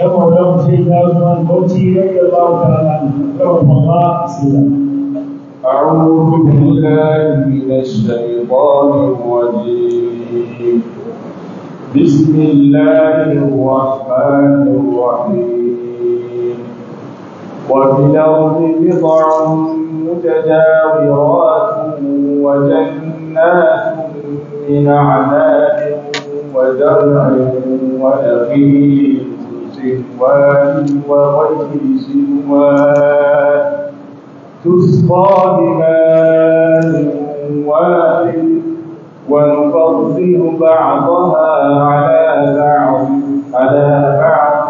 يا مولانا سيدنا عثمان البوسي رضي الله تعالى عنه رحمه الله بسم أعوذ بالله من الشيطان الرجيم بسم الله الرحمن الرحيم وفي الأرض بضع متجاورات وجنات من أعناب وزرع ونخيل سوان وغير سوان تسقى بماء واحد ونفضل بعضها على بعض على بعض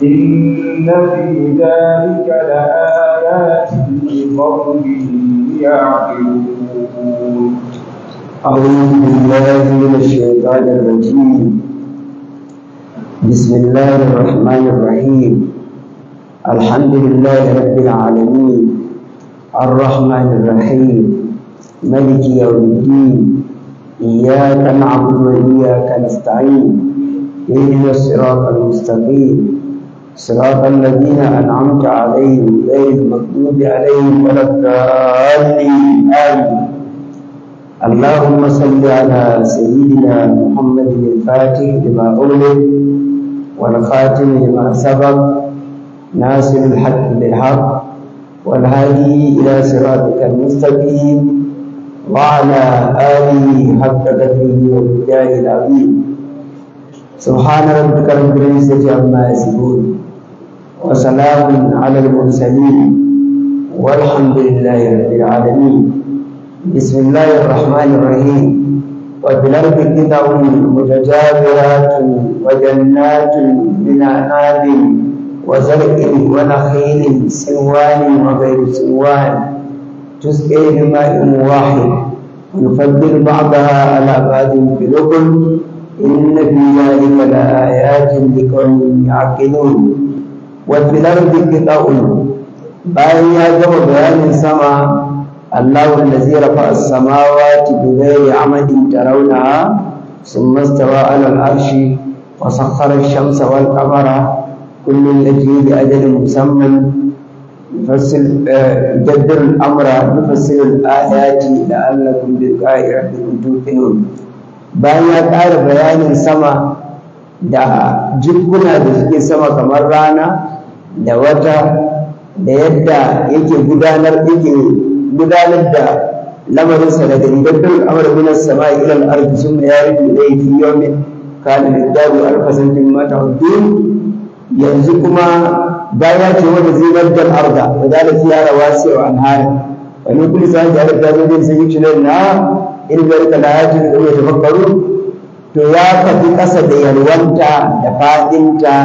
في إن في ذلك لآيات لقوم يعقلون أعوذ بالله من الشيطان الرجيم بسم الله الرحمن الرحيم الحمد لله رب العالمين الرحمن الرحيم ملك يوم الدين إياك نعبد وإياك نستعين اهدنا الصراط المستقيم صراط الذين أنعمت عليهم غير المغضوب عليهم ولا الضالين آمين اللهم صل على سيدنا محمد الفاتح لما أغلق والخاتم لما سبق ناصر الحق بالحق والهادي إلى صراطك المستقيم وعلى آله حق قدره وبداه العظيم سبحان ربك رب العزة عما يصفون وسلام على المرسلين والحمد لله رب العالمين بسم الله الرحمن الرحيم وفي الأرض قطع متجاورات وجنات من أعناب وزرع ونخيل سوان وغير سوان تسقي بماء واحد نفضل بعضها على بعض في الأكل إن في ذلك لآيات لقوم يعقلون وفي الأرض قطع bayan ya gama bayanin sama Allahu allazi rafa'a as-samawati bighayri 'amadin tarawnaha thumma istawa 'alal 'arshi wa sakhkhara ash-shamsa wal qamara kullun yajri bi ajalin musamman yufassil jaddal al-amra yufassil al-ayati la'allakum bi qa'idatin bayan ya ƙara bayanin sama da jikuna da suke sama kamar rana da wata da yadda yake gudanar yake gudanar da lamarinsa daga ridaddar amur minas sama ilan arzi sun da ya rufe da ya fi yawon kana liddaru alfasan din mata yanzu kuma baya ce wanda zai raddar arda da zalika da rawa sai an anhara wani kulli sai da da zai dai sai yi na irgar da hayati da ya tafakkaru to ya kafi ƙasa da yalwanta da faɗinta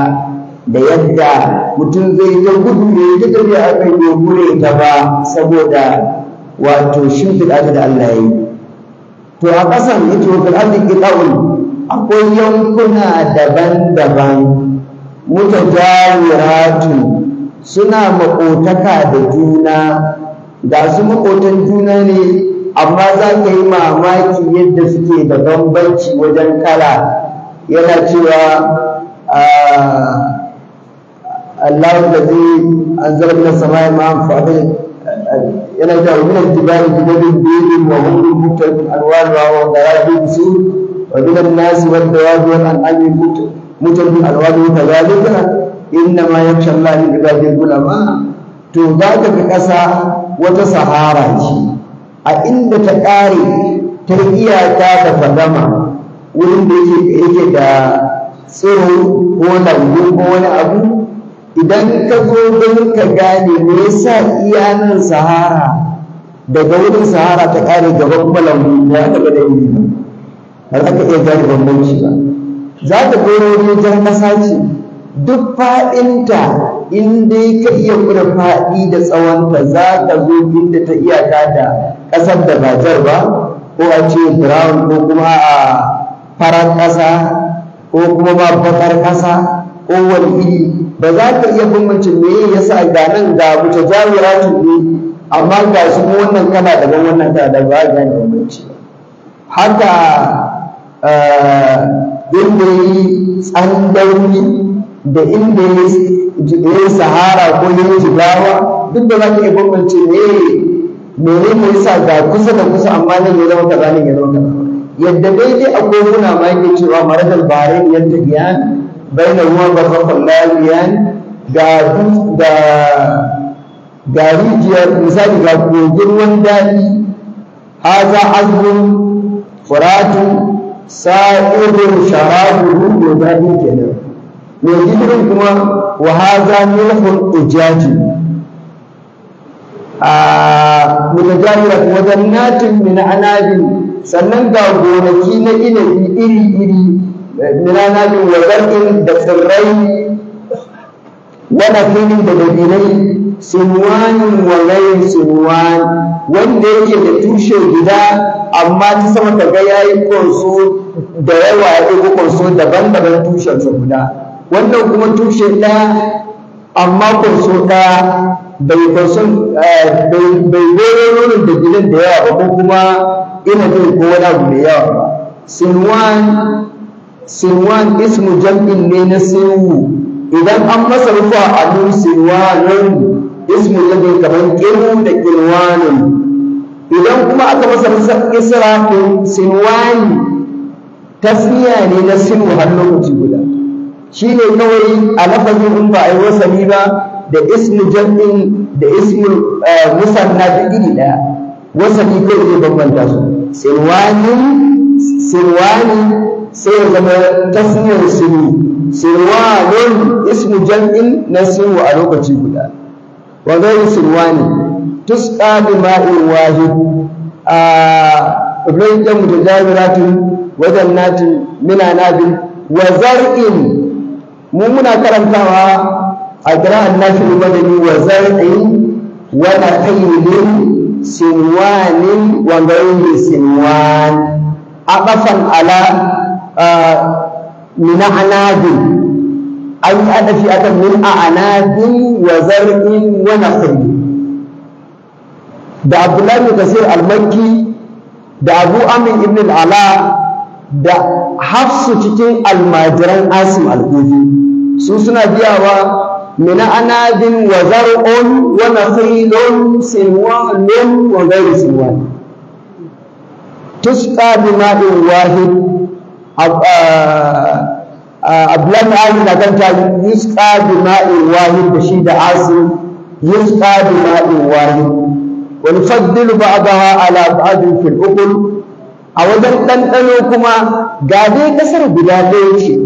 da yadda mutum zai yi ta gudu ne ta tafiya a ya gure ta ba saboda wato shin ta da Allah ya yi to a ƙasan ito wa fil'ardi akwai yankuna daban-daban mutajawiratu suna maƙotaka da juna ga su maƙotan juna ne amma za ka yi mamaki yadda suke da bambanci wajen kala yana cewa ah, Allah da zai an sama ya ma'amfa yana cewa min al-jibali jibabin baydin wa humrun muktalifun alwanuha wa gharabin sur wa min an-nas wad dawab wal an'am muktalifun alwanuha kadhalika inna ma yakhsha Allah min ibadihi gula ma? to za ka fi ƙasa wata sahara ce a inda ta ƙare ta iyaka ta fadama wurin da yake da tsiro ko lambu ko wani abu idan ka zo don ka gane me yasa iyanan sahara daga wurin sahara ta kare gaban balangu ya taba da iri ba har aka iya gane bambanci ba za ka goro wajen ƙasa ce duk faɗinta in dai ka iya kura faɗi da tsawonta za ka zo inda ta iyaka da ƙasar da ba jar ba ko a ce brown ko kuma a farar ƙasa ko kuma ba bakar ƙasa kowane iri ba za ka iya bambance me ya sa ga nan ga mutajawiratu ne amma ga su wannan kana daban wannan kana da ba ga bambanci haka eh, inda ya yi tsandauri da inda ya yi sahara ko ya yi jigawa duk da za ka iya bambance me mene ne yasa ga kusa da kusa amma nan ya zama kaza nan ya zama kaza yadda daidai a kofuna ma yake cewa maradal bare yadda biyan baina ruwan barfafan lariyan ga rijiyar misali ga kogin ruwan daɗi haza azbun furatu sa'irin sharabu ruwan daɗi kenan mai gidirin kuma wa haza milhun ijaji a mutajahirat wajen natin min anabin sannan ga gonaki na inabi iri-iri mirana bin wazarin da tsirrai wada filin da dabinai sinuwanin walayin sinuwan wanda yake da tushe gida amma ta sama ta ga yayi konso da yawa ya ɗago konso daban-daban tushensa guda wannan kuma tushe ta amma konso ta bai konson eh, bai goro nonon da gidan da yawa ba ko kuma ina ko wani abu da yawa ba sinuwan sinwan ismu jam'in ne na sinwu idan an masa rufa a nun sinwanin ismu jam'in kamar kiru da kilwanin idan kuma aka masa isra din sinwani tasniya ne na sinu har lokaci guda shi ne kawai a lafazin in ba a yi wasali ba da ismu jam'in da ismu eh, musanna da iri daya wasali kai zai bambanta su sinwanin sinwani sai ya zama tasniyar sirri sirwanun ismu jam'in na sirru a lokaci guda wa gairu sirwani tusqa bi ma'in wahid a rayyan mutajabiratin wa jannatin min anabin wa zar'in mu muna karantawa a qira'an nafi madani wa zar'in wa nakhilin sinwanin wa gairu sinwan aqafan ala min anadin an yi adafi akan min anadin wa zar'in wa nakhli da abdullahi bin kasir al-makki da abu amin ibn al-ala da hafsu cikin almajiran asim al-kufi su suna biyawa min anadin wa zar'un wa nakhilun sinwanun wa ghayru sinwan tusqa bima'in wahid Uh, uh, abdullahi ali na ganta yusqa bi ma'in wahid da shi da asim yusqa bi wahid wa nufaddilu ba'daha ala ba'din fil uqul a wajen ɗanɗano kuma ga dai ƙasar guda ɗaya ce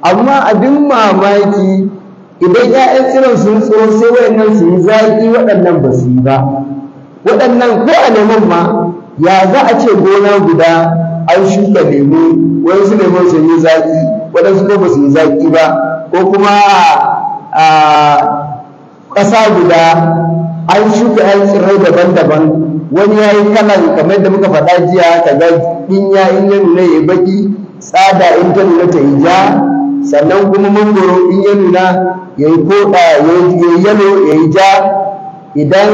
amma abin mamaki idan 'ya'yan tsiron sun tsoro sai waɗannan su yi zaƙi waɗannan ba yi ba waɗannan ko a neman ma ya za a ce gona guda an shuka lemu su lemu su yi zaƙi waɗansu ko ba su yi zaƙi ba ko kuma a ƙasa guda an shuka ‘yan tsirrai daban-daban wani ya yi kalan kamar da muka faɗa jiya ka ga ɗinya in ya nuna ya baki tsada in ta nuna ta ja sannan kuma mangoro in ya nuna ya yi koɗa ya yi yalo ya yi ja idan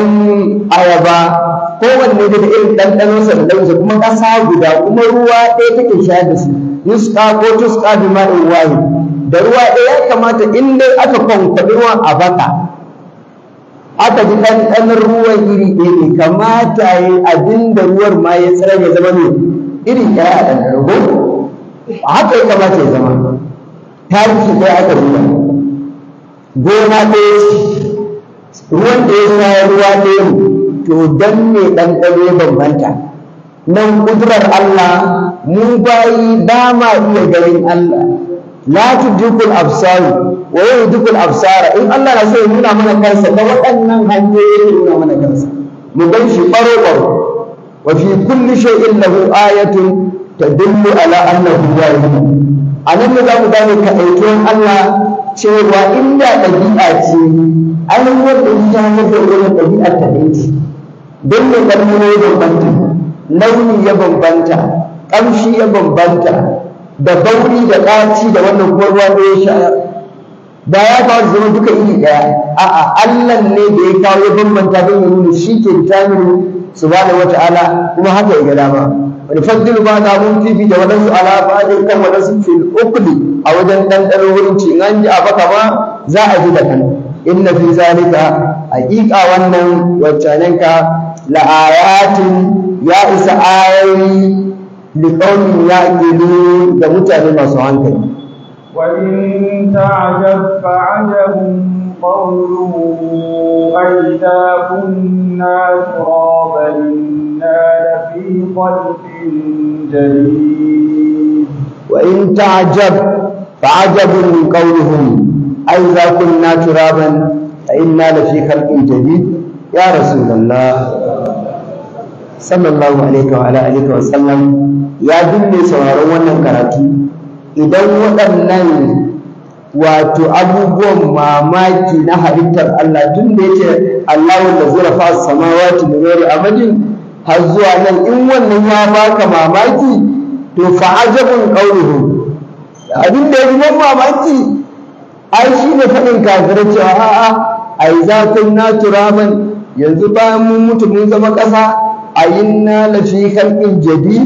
ayaba kowanne daga irin ɗanɗanonsa da lauza kuma ƙasa guda kuma ruwa ɗaya take shayar da su yuska ko tuska bi ɗan wahid da ruwa ɗaya ya kamata in dai aka kwankwaɗi ruwan a baka aka ji ɗanɗanon ruwan iri ɗaya ne kamata ya yi abin da ruwan ma ya tsira ya zama ne iri ɗaya a ɗanɗanon ko haka ya kamata ya zama taki ɗaya aka zuba gona ɗaya ruwan ɗaya ya ruwa ɗaya ne to dan me dan dare bambanta nan kudrar Allah mu bayi ba ma iya garin Allah la tudukul absar wa yudukul absara in Allah na so nuna mana kansa da waɗannan hanyoyi ne nuna mana kansa mu gan shi baro baro wa fi kulli shay'in lahu ayatun tadullu ala annahu wahid anan ne za mu gane aikin Allah cewa inda ɗabi'a ce an yi wanda ya hanyar da wani ɗabi'ar ta daidai don ya ne ya bambanta launi ya bambanta ƙamshi ya bambanta da bauri da ƙaci da wannan kuma ruwa ya sha da ya ba zama duka iri ɗaya a'a Allah ne da ya kawo ya bambanta don ya nuna shi ke tamiru subhanahu wata'ala kuma haka ya ga wani fadil ba da mun fifi da wadansu alafa ne kan wadansu fil ukli a wajen ɗanɗano wurin ci an ji a baka ma za a ji da kan inna fi zalika haƙiƙa wannan waccanenka لآيات ya isa ayoyi liƙaunin ya ƙilu da mutane masu وإن تعجب فعجب قوله أئذا كنا ترابا إنا لفي خلق جديد وإن تعجب فعجب من قولهم أئذا كنا ترابا فإنا لفي خلق جديد ya rasulullah sallallahu alaihi wa alihi wa sallam ya dinne sauraron wannan karatu idan waɗannan wato abubuwan mamaki na halittar Allah tun da yace Allahu sama zurafa samawati bi ghairi amadin har zuwa nan in wannan ya baka mamaki to fa ajabun qawluhu abin da yaji mamaki ai ne faɗin kafirai cewa a'a ai zakun man. yanzu bayan mun mutu mun zama ƙasa a yinna lafi kalbin jadi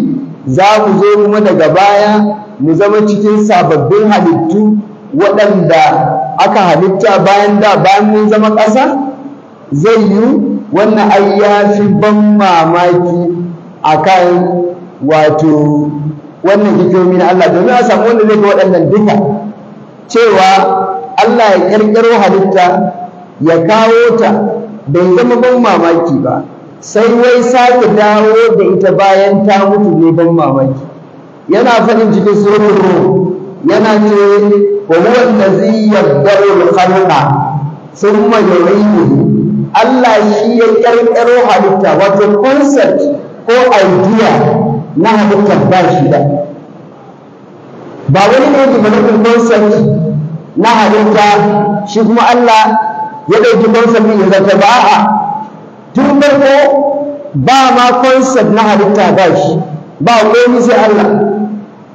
za mu zo kuma daga baya mu zama cikin sababbin halittu waɗanda aka halitta bayan da bayan mun zama ƙasa zai yi wannan ai ya fi ban mamaki a kan wato wannan hikimomi na Allah domin a samu wanda zai ga waɗannan duka cewa Allah ya ƙirƙiro halitta ya kawo ta bai zama ban mamaki ba sai wai sake dawo da ita bayan ta mutu ne ban mamaki yana faɗin cikin surun yana ce wa huwa allazi yabda'u al-khalqa thumma yu'iduhu Allah shi ya karkaro halitta wato concept ko idea na halitta ba shi da ba wani ne da concept na halitta shi kuma Allah ya ɗauki concept ɗin ya zata ba a tun farko ba ma concept na halitta ba shi ba komai sai Allah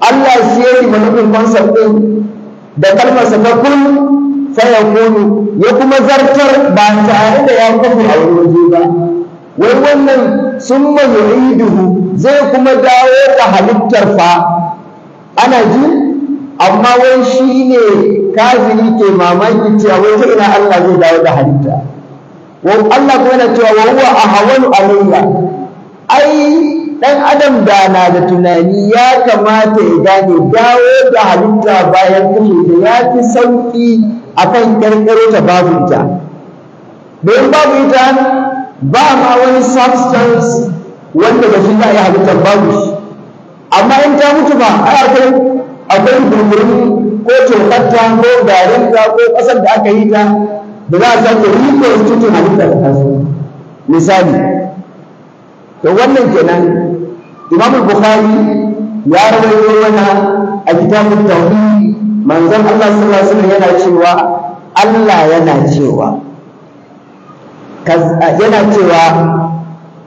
Allah shi ya yi manufin concept ɗin da kalmarsa ta kun fayakunu ya kuma zartar ba tare da ya kafa a wani ba wai wannan sun yu'iduhu zai kuma dawo da halittar fa ana ji amma wai shi ne kafiri ke mamaki cewa wai ta ina Allah zai dawo da halitta Allah ko yana cewa wa huwa ahwanu alayya ai dan adam da na da tunani ya kamata ya gane dawo da halitta bayan kashe da ya fi sauki akan karkaro ta babu ita don babu ita ba ma wani substance wanda ba shi za a yi halittar babu shi amma in ta mutu ba ai akwai akwai ko tofatta ko garinta ko ƙasar da aka yi ta da za a sake su cikin halitta ta kasu, misali to wannan kenan imam bukhari ya rawaito mana a kitabun tauhid manzon Allah sallallahu alaihi wasallam yana cewa Allah yana cewa yana cewa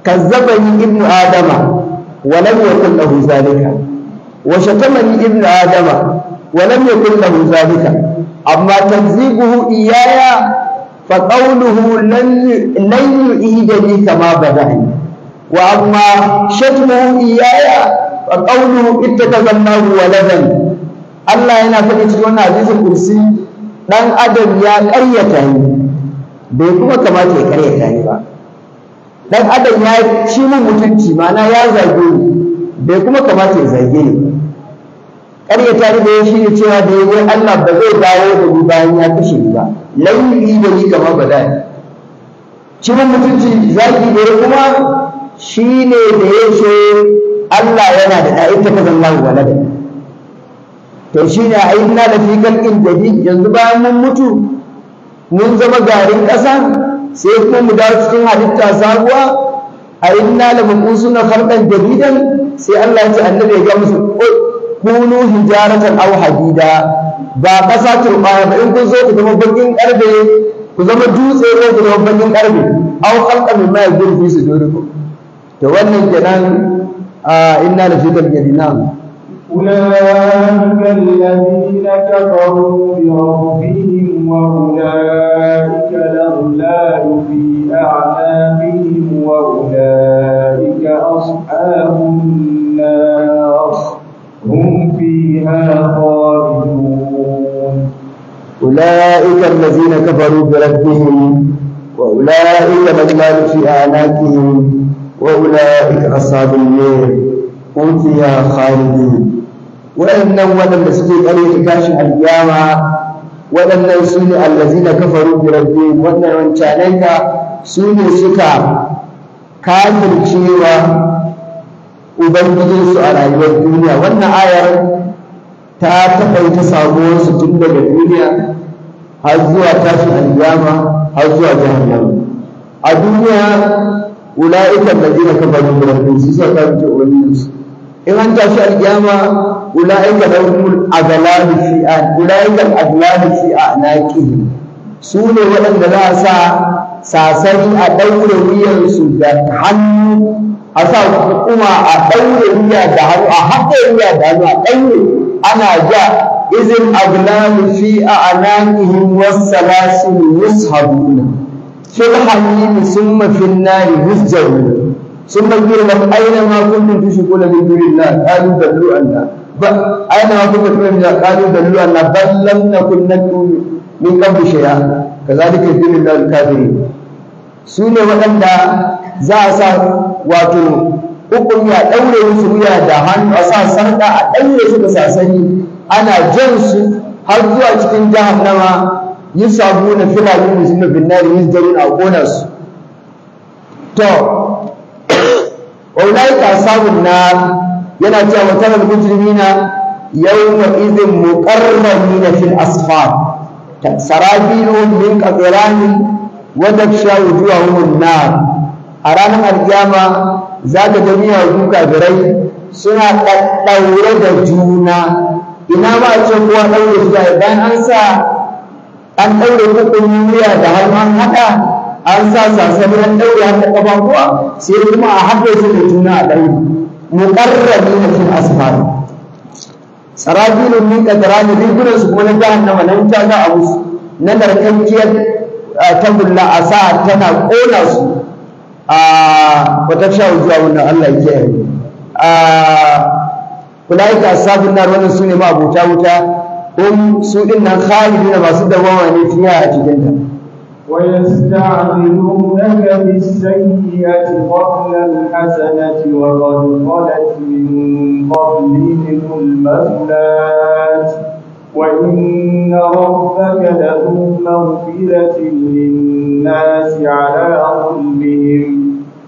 kazzabani ibnu adama wa lam yakul lahu zalika wa shatamani ibnu adama ولم يكن له ذلك أما تكذيبه إياي فقوله لن لن يعيد لي كما بدأني وأما شتمه إياي فقوله اتخذ الله ولدا Allah yana faɗi cikin wannan hadisin kursi dan adam ya ƙaryata ni bai kuma kamata ya ƙaryata ni ba dan adam ya ci min mutunci ma'ana ya zage bai kuma kamata ya zage ni ya ta da ya shirya cewa da yi Allah ba zai dawo da ni bayan ya kashe ni ba Laifi da ni kama ba da cikin mutunci zaki da ya kuma shi ne da ya ce Allah yana da ɗa'in ta kazan lahu walada to shi ne a yi na da fi kalkin bi yanzu bayan mun mutu mun zama garin ƙasa sai kuma mu dawo cikin halitta sabuwa a yi na da mun na farɗan jaridan sai Allah ya ce annabi ya ga musu kunu hijaratan aw hadida ba ƙasa turbaya ba in kun zo ku zama bangin karbe ku zama dutse ko ku zama bakin karfe aw khalqa ma'i yajiru fi sudurikum to wannan kenan inna la fi kalbina na'am أولئك فيها خالدون أولئك الذين كفروا بربهم وأولئك مجمال في أعناقهم وأولئك أصحاب النار هم فيها خالدون وإن ولم تسجد عليه القيامة waɗannan su ne allazina kafaru da rabbihim wannan wancanai ka su ne suka kafircewa ubangijinsu a rayuwar duniya wannan ayar ta taɓa yi ta samuwarsu tun daga duniya har zuwa tashin alƙiyama har zuwa jahannam a duniya ula'ikan da jina ka bari murabbin su sa ta fice ubangijinsu in an tashi alƙiyama ula'ika lahumul aghlalu fi an ula'ika aghlalu fi anaqihim su ne waɗanda za a sa sasani a ɗaure wuyansu da hannu a sa kuma a ɗaure wuya da hannu a haɗe wuya da hannu a ɗaure ana ja izin aglamu fi a anakihim wassalasin yushabuna fil hamim summa fil nari yusjaruna summa qila lahum ayna ma kuntum tushrikuna min dunillah qalu dallu anna ayna ma kuntum tushrikuna min qalu dallu anna bal lam nakun nad'u min qabli shay'a kadhalika yudillul Su ne waɗanda za a sa wato hukun ya ɗaure musu wuya da hannu a sa sarƙa a ɗaure su da sasani ana jan su har zuwa cikin jahannama yin samu na filayen musulmi binnari yi jarin a su. to wallahi ka samun na yana cewa mutanen mujrimina izin muƙarrami na fil asfar sarabiluhum min ne wa daksha wujuhahum an-nar a ranar alkiyama za ka gani a duka birai suna ɗaɗɗaure da juna ina ba a ce kowa ɗaure shi da bayan an sa an ɗaure kuɗin wuya da har an haɗa an sa sasani an ɗaure har da kuwa sai kuma a haɗe su da juna a ɗaure muƙarrabi na fil asfar sarabilin min kadrani rigunan su kuma na jahannama nan ta ga abu na narkakkiyar ah, tagulla a sa tana ƙona su Ah, wata wa zuwa wannan, Allah ya kiyaye ah, ulaika ashabun nar wannan sune ma abota wuta um su din nan khalidina masu ne fiya a cikin ta ويستعملونك بالسيئة قبل الحسنة وقد خلت من قبلهم المثلات وإن ربك لذو مغفرة للناس على ظلمهم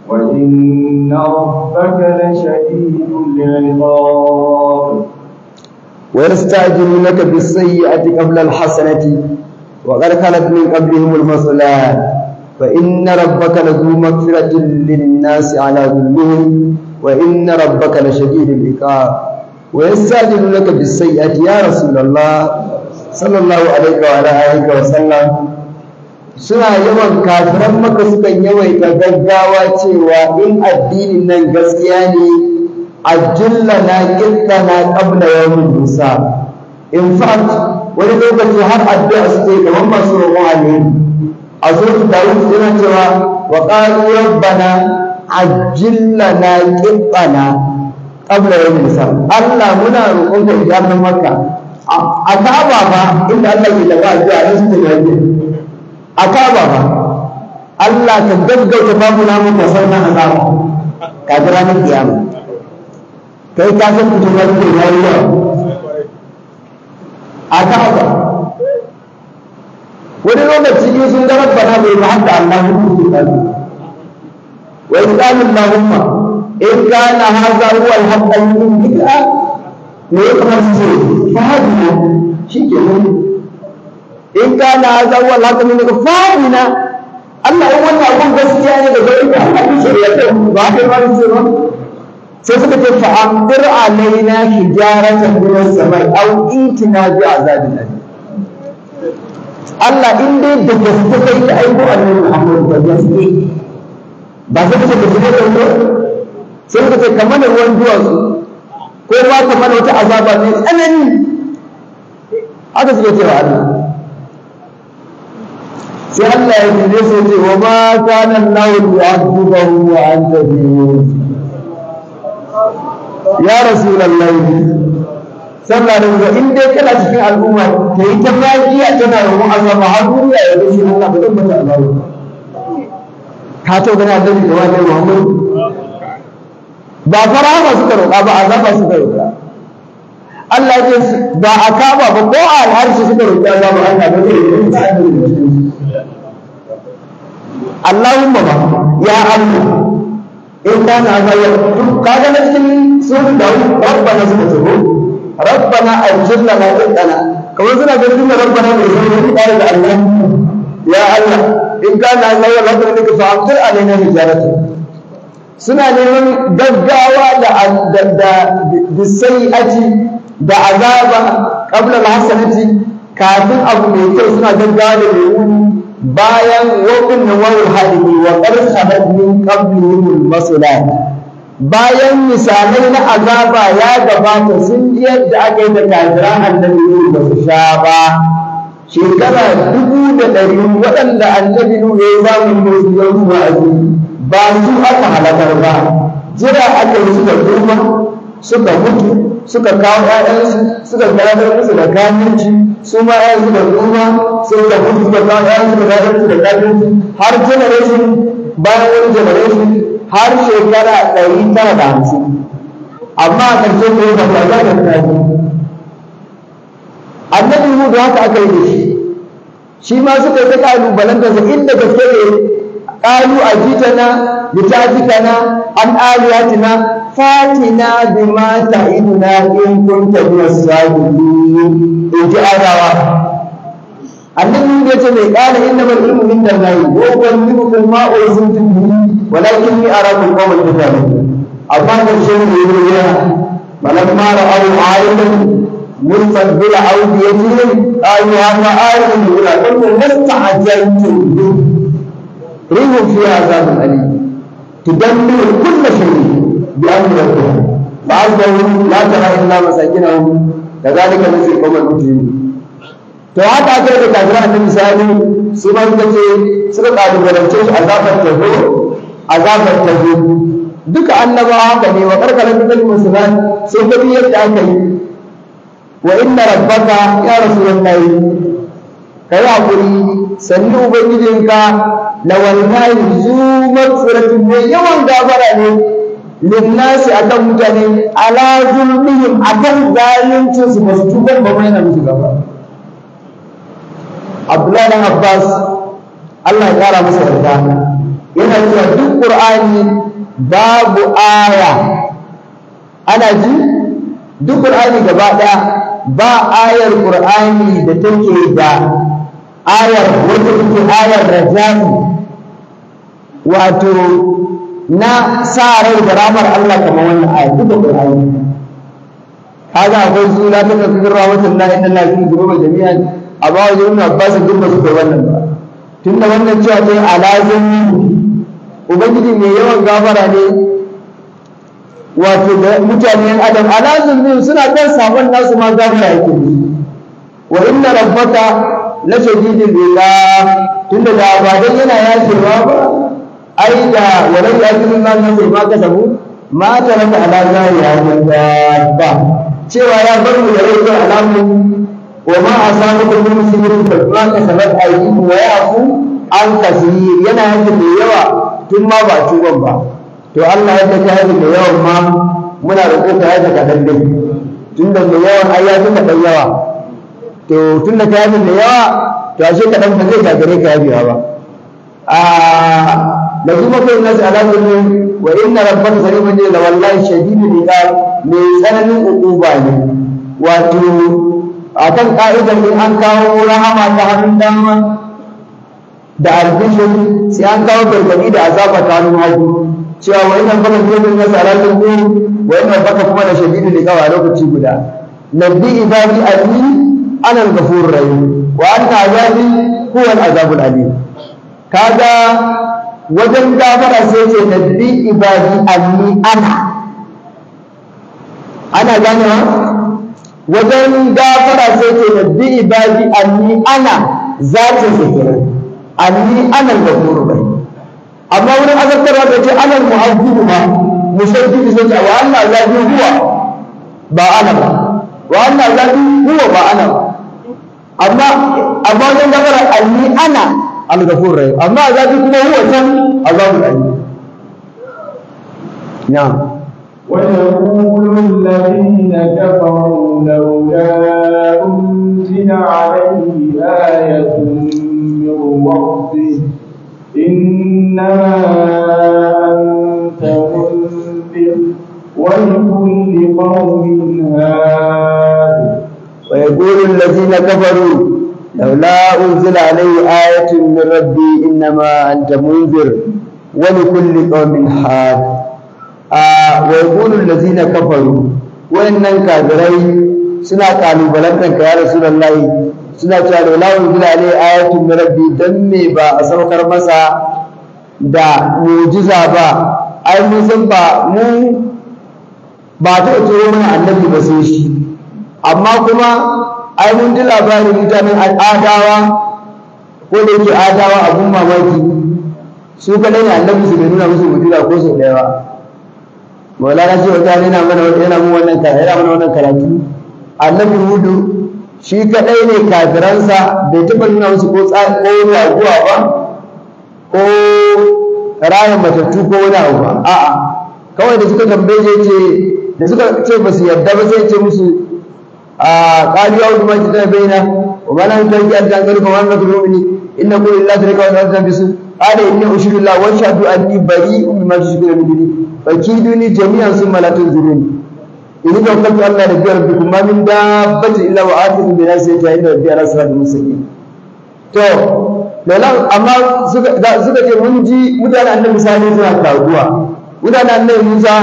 وإن ربك لشديد العقاب ويستعجلونك بالسيئة قبل الحسنة وقد خلت من قبلهم المصلاة فإن ربك لذو مغفرة للناس على ظلمهم وإن ربك لشديد العقاب ويستعجلونك بالسيئة يا رسول الله صلى الله عليه وعلى آله وسلم suna yawan kafiran maka sukan yawaita gaggawa cewa in addinin nan gaskiya ne ajulla na kitta na qabla yawmin musa in fact wani lokaci har addu'a suke kamar masu roƙon alheri a suratul su yana cewa wa qalu rabbana ajilla na na qabla yawmin musa Allah muna roƙon ka idan maka a ta ba inda Allah ke da ba addu'a ne su ne a kaba ba Allah ta gaggauta babu namu ka sauna azaba ka jira na kiyama kai ta san mutum ya ce ya yi yawa a kaba wani lokaci in sun ga rabbana bai ba hadda Allah hudu ke ɗazu wa in ƙalin lahumma in kana haza huwa alhaqqan min gida? Me ya kamar su ce fa hadu shi ke nan in ka na zawo la ta min daga fa'ina Allah in wannan abun gaskiya ne da gari ka Allah shi ya ce ba ka ba ce ba sai suka ce fa amdir alaina hijaratan min samai aw itina bi azabin alim Allah in dai da gaske kai ka aiko annabi Muhammad da gaske ba sai ka ce da gaske ba sai suka ce kamar ruwan duwatsu ko ba kamar wata azaba ne tsanani haka suke cewa Allah sai Allah ya kire su ce wa ma kana Allah yu'adhibuhu wa anta ya rasulullahi sallallahu alaihi in dai kana cikin al'umma ta yi ta fa'iya tana mu Allah ba har duniya ya rushe Allah ba dan mata Allah ka to gana da jawabi Muhammad ba fara farawa suka roƙa ba azaba suka roƙa Allah ya ce ba a kaba ba ko a harshe suka roƙi azaba Allah ba sai ya ba. Allahumma ba ya Allah in ka na zaya duk ka na cikin sun da rabbana suka ce rabbana ajirna ma qana kamar suna ga cikin rabbana mai sai ne kare da Allah ya Allah in ka na zaya rabbana ka fa amtir alaina hijarata suna neman gaggawa da da bisai aji da azaba qabla al-hasanati kafin abu mai kyau suna gaggawa da mai bayan na wawul hadihi wa ƙarsanar min ƙablihimul masula, bayan misalai na azaba ya gabata sun ji yadda aka yi da kafiran annabi Nuhu ba su sha ba shekara dubu da ɗari waɗanda annabi Nuhu ya yi zamu mai ya ruwa a ba su aka halakar ba jira aka yi su da girma suka mutu suka kawo ƴaƴansu suka gadar musu da kafinci su ma ƴaƴansu da kuma suka mutu suka kawo ƴaƴansu da gadar da kafinci har generation bayan wani generation har shekara ɗari tara da hamsin amma a ƙarshe ko ba ta za ta kafi annabi da haka aka yi da shi shi ma suka yi ta kalubalantarsa inda gaske ne ƙalu a jitana bi ta an aliyatina fatina bima ta'iduna in kunta min as-sadiqin inji arawa annabi ya ce mai kana inna bal ilmu min dallahi wa uballighukum ma ursiltum bihi walakinni arakum qawman tajhalun amma da shi ne ya falamma ra'aw ayyatan مستقبل أوديتهم أيها مآرب الأولى قلت لست عجلتم به ريح فيها عذاب أليم تدمر كل شيء بأمر ربهم فأصبحوا لا ترى إلا مساكنهم كذلك نجزي القوم المجرمين to haka ake da kafiran annabi misali su ban kace suka kalubalance shi azabar tafi azabar tafi duka annabawa haka ne wa karkarar dukkan musulman sai ka bi yadda aka yi wa inna rabbaka ya rasulullahi kai hakuri sannu ubangijinka lawallahi zu maghfiratun mai yawan gafara ne linnasi akan mutane ala zulmihim akan zalincin su basu tubar ba mai na musu gaba Abdullahi dan Abbas Allah ya kara masa yarda yana cewa duk Qur'ani babu aya ana ji duk Qur'ani gaba daya ba ayar Qur'ani da take da ayar wata take ayar rajani wato na sa rai da ramar Allah kamar wannan aya da Qur'ani kaga akwai suna ta tafsirin wata la inna lillahi wa inna ilaihi raji'un amma wajen Ibn Abbas duk ba su kai wannan ba tunda wannan cewa dai alazimi ubangiji mai yawan gafara ne wato da mutanen adam ne suna kan sabon nasu ma gafara yake wa inna rabbaka la shadidul iqab tunda da ba yana yakewa ba ai da walau ya fi ma nan ma ka samu ma ta da alaza ya ba cewa ya bar mu da alamu wa ma asabukum min musibatin fa ka kasabat ayi wa ku? an kasir yana yanke mai yawa tun ma ba tuban ba to Allah ya ta yanke mai yawan ma muna roƙo ta yanke kaɗan dai tun da mai yawan ai ya yawa to tun da kai yanke yawa to ashe dan ba zai gagare ka yabewa ba a ah, لذوق الناس على منهم وإن ربك سليم الجلد والله شديد العقاب من سنن Akan ka'idar أكن قائدا kawo rahama رحمة hannun داما da albishin sai an kawo gargadi da azaba ta hannun hagu cewa wa ina baka jirgin na salatin wa ina kuma da shadidu ne a lokaci guda nabbi ibadi ali anan gafurur rahim wa anta azabi huwa al azabul alim kaga wajen gafara sai ce nabbi ibadi anni ana ana gane wa? wajen gafara sai ce nabbi ibadi anni ana zatin sa kenan anni ana da kuma bai amma wurin azabtarwa da ce ana al-mu'azzib ma mushaddid sai ce wa anna allahi huwa ba ana ba wa anna allahi huwa ba ana ba amma amma wajen gafara anni ana الغفور الرحيم أما عذابي كما هو كم عذاب الأليم نعم ويقول الذين كفروا لولا أنزل عليه آية من ربه إنما أنت منذر ولكل قوم هاد ويقول الذين كفروا لولا أنزل عليه آية من ربي إنما أنت منذر ولكل قوم حاد ويقول الذين كفروا وإن كافرين سنة قالوا بلنتك يا رسول الله سنة قالوا لولا أنزل عليه آية من ربي دمي با أسوكر مسا دا موجزة با أي مسلم با مو ba ta tsoro mana بسيش أما كما ai mun ji labarin mutanen adawa ko da yake adawa gumma mamaki su kaɗai ne annabi su bai nuna musu mutuwa ko sau yawa. wala na ce wata yana mana yana mun wannan karatu yana mana wannan karatu annabi hudu shi kadai ne kafiransa bai taɓa nuna musu ko raguwa ba ko rayan matattu ko wani abu ba a'a kawai da suka tambaye ce da suka ce ba su yarda ba sai ce musu قال يعود ما جدنا بينه وما لم تنجي أن تنقلك وأن تؤمني إن قول الله تلك وأن تنبسوا قال إني أشهد الله وأشهد أني بريء مما تشركون من دوني فكيدوني جميعا ثم لا تنظروني إني توكلت على ربي ربكم ما من دابة إلا وآخذ بناصيتها إن ربي على صراط المستقيم تو da nan amma suka ce mun ji mutane annabi Musa ne suna taguwa mutane موسى Musa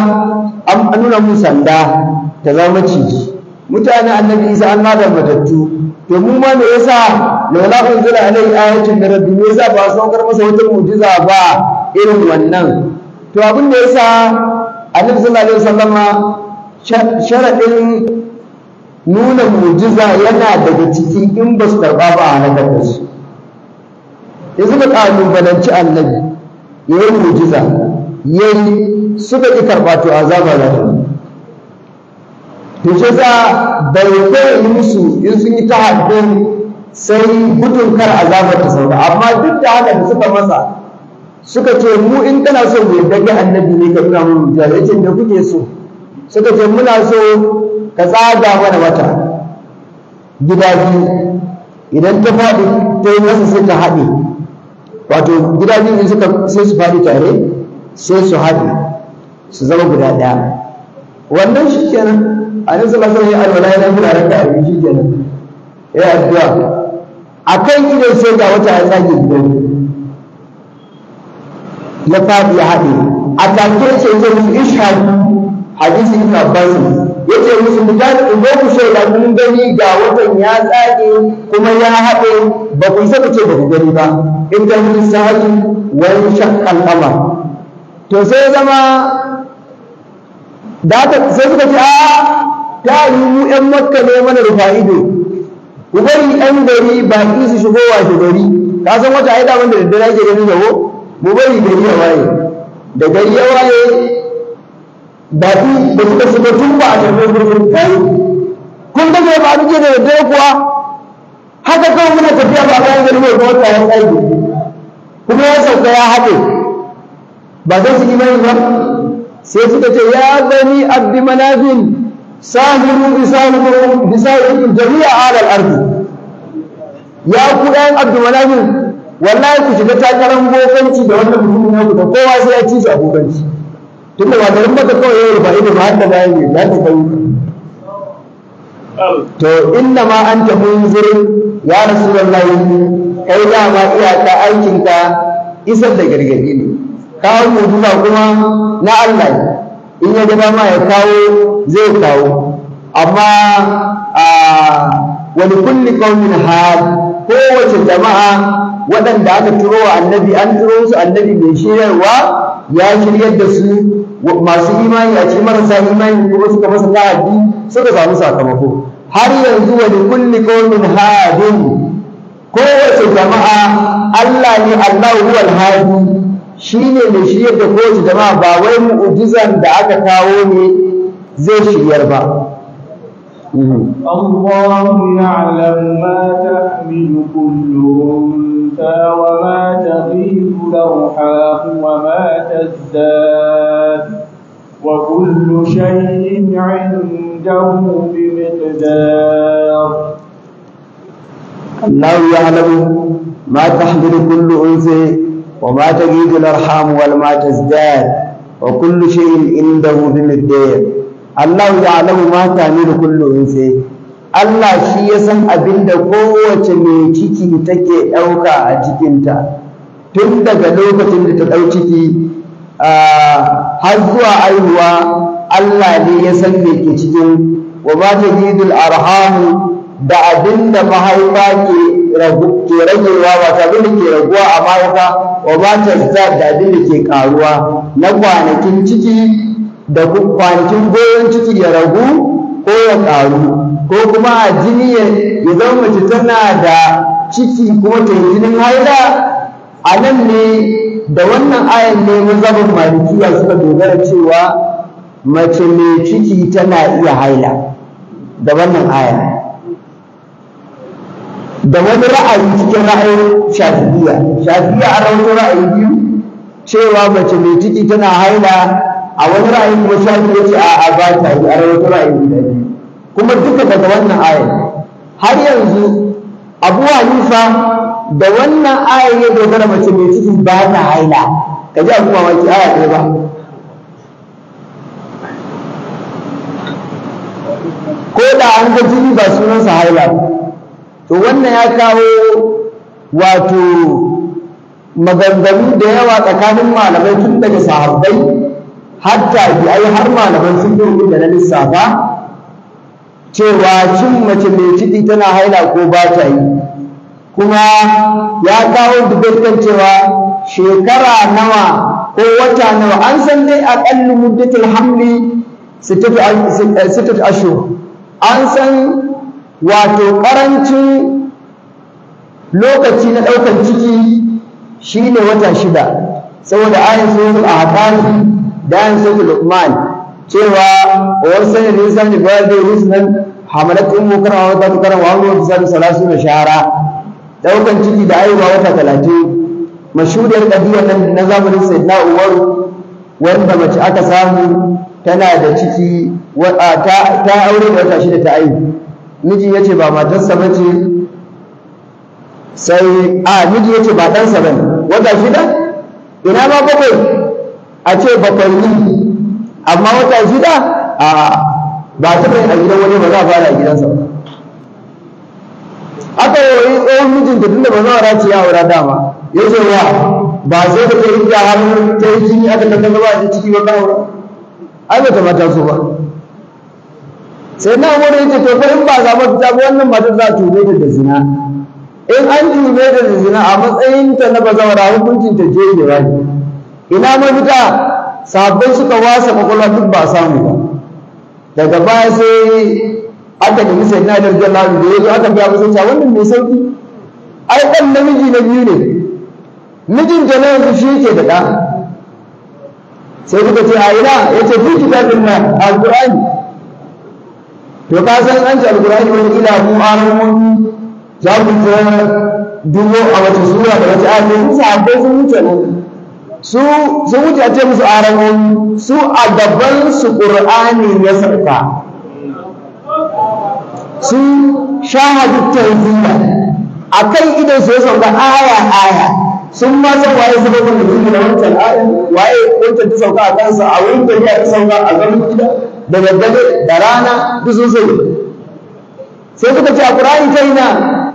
an nuna musu sanda mutane annabi isa an ma da matattu to mu ma me yasa laula unzila alai ayatin min rabbi me yasa ba saukar masa wata mu'jiza ba irin wannan to abin da yasa annabi sallallahu alaihi wasallam sharadin nuna mu'jiza yana daga ciki in ba su karba ba a halakar da su yanzu ka balanci annabi yayin mu'jiza yayi suka ki karba to azaba za ta to shi sa bai kai musu in sun yi haɗin sai gudun kar azabar ta sauka amma duk da haka da suka masa suka ce mu in kana so mu yadda annabi ne ka nuna mu da yace da kuke so suka ce muna so ka tsaga mana wata gida biyu idan ta faɗi ta yi masa sai ta haɗe wato gida biyu suka sai su faɗi tare sai su haɗe su zama guda ɗaya wannan shi kenan a nan sama sai alwala yana kula da ka abin shi kenan ya addu'a akan kan ido sai ga wata ya tsage gidan ya faɗi ya haɗe a take ce ce mu ishad hadisi ibn abbas yace musu mujahid in ku shaida kun gani ga watan ya tsage kuma ya haɗe ba ku isa ce ba ku gani ba in ta yi sahaji wani shakkan kama to sai zama da sai suka ce a'a ta yi mu ‘yan makka ne mana rufa ido ku bari ‘yan gari baƙi su shigo washe gari ka san wata ai daman da daddare ake gani shago mu bari gari ya waye da gari ya waye baƙi da suka shiga tun ba a tafiya gurgun kai kun ga me ba muke da daddare kuwa haka kawai muna tafiya ba a bayan gari mai kuma tsayen aiki kuma ya sauka ya haɗe ba zai su imani ba sai suka ce ya gani abdi manazin sahiru bisahikum bisahikum jami'a halal ardi ya ku ɗan abdulmanabi wallahi ku shiga takarar bokanci da wannan mutumin ku da kowa sai ya ci shi a bokanci da ba garin baka kawai yau rufa ido ba hadda da bayan ne za ta kai to inna ma an ta munzirin ya rasulullahi kai da ma iyaka aikinka isar da gargadi ne kawo duba kuma na Allah in ya ga ma ya kawo zai kawo amma a wani kulli qaumin had kowace jama'a waɗanda aka turo wa annabi an turo su annabi mai shiryarwa ya shiryar da su masu imani a cikin marasa imani kuma suka masa ta'addi suka samu sakamako har yanzu wani kulli qaumin hadin kowace jama'a Allah ne Allah huwal hadi shine mai shiryar da kowace jama'a ba wai mu'ujizan da aka kawo ne zai shiryar ba الله يعلم ما تحمل كل أنثى وما تغيب الأرحام وما تزداد وكل شيء عنده بمقدار الله يعلم ما تحمل كل أنثى وما تجيد الأرحام وما تزداد وكل شيء عنده بمقدار الله يعلم ما تعمل كل أنثى Allah shi ya san abin da kowace mai ciki take ɗauka a cikinta tun daga lokacin da ta ɗau ciki har zuwa aihuwa Allah ne ya san me ke cikin wa ba ta arhamu da abin da mahaifa ke ke ragewa wata abin da ke raguwa a mahaifa wa ba ta za da da ke karuwa na kwanakin ciki da kwanakin goyon ciki ya ragu ko ya karu ko kuma a jini ya zama mace tana da ciki kuma ta yi jinin haila a nan ne da wannan ayan ne mazhabin malikiya suka dogara cewa mace mai ciki tana iya haila da wannan ayan da wani ra'ayi cikin ra'ayin shafiya shafiya a rawaito ra'ayi biyu cewa mace mai ciki tana haila a wani ra'ayi kuma shafiya ce a abata yi a rawaito ra'ayi biyu kuma duka daga wannan ayar har yanzu abu hanifa da wannan ayar ya dogara mace mai ciki ba ta haila ka ji abu mamaki aya ɗaya ba ko da an ga jini ba sunansa haila ba to wannan ya kawo wato maganganu da yawa tsakanin malamai tun daga sahabbai hatta ai har malaman sun da na lissafa cewa cin mace mai ciki tana haila ko ba ta yi kuma ya kawo dubaitan cewa shekara nawa ko wata nawa an san dai aƙalli muddatul hamli sittatu ashur an san wato ƙarancin lokaci na ɗaukan ciki shine wata shida saboda ayin a ahqaf da ayin suratul luqman cewa wa sanin insan bi ba'di husnan hamalat ummu karama wa ta karama wa huwa tisadu salasuna shahara daukan ciki da aiwa wata talatin mashudiyar kadiyar nan na zamanin na umaru wanda mace aka samu tana da ciki ta aure da wata shida ta aiki. miji ya ce ba matarsa ba ce sai a miji ya ce ba ɗansa ba ne wata shida ina ma bakwai a ce bakwanni amma wata shida a ba ta kai a gidan wani ba za a fara a gidansa ba aka yi tsohon mijinta tunda ba za a race ya aura dama ya ce wa ba sai da ta yi da hannu ta yi jini aka tattala ba a ciki ba ka aura An ba ta mata so ba sai na umar yake to ko in ba za mu fita wannan matar za ta tume da zina in an tume da zina a matsayin ta na bazawara hukuncin ta jejewa ne ina mafita sabbin suka wasa kwakwalwa duk ba samu ba daga baya sai aka nemi sai na darja lalu da ya yazo aka biya musu cewa wannan mai sauki ai dan namiji na biyu ne mijin ta yanzu shi yake da ɗa. sai kuka ce a ina yace fi kitabin na alƙur'ani to ka san an ji alkurani wani ila mu aramun za ku ta dubo a wata sura da wata ayat sa ko sun wuce ne su su wuce a ce musu aramun su a gaban su qur'ani ya sarka su shahadu tawfiya akai idan su sauka aya aya sun ma san waye sababin da suke da wancan ayan waye wancan ta sauka a kansa a wurin da ta sauka a gaban gida da daddare da rana duk sun sai kuka ce a ƙur'ani ta na.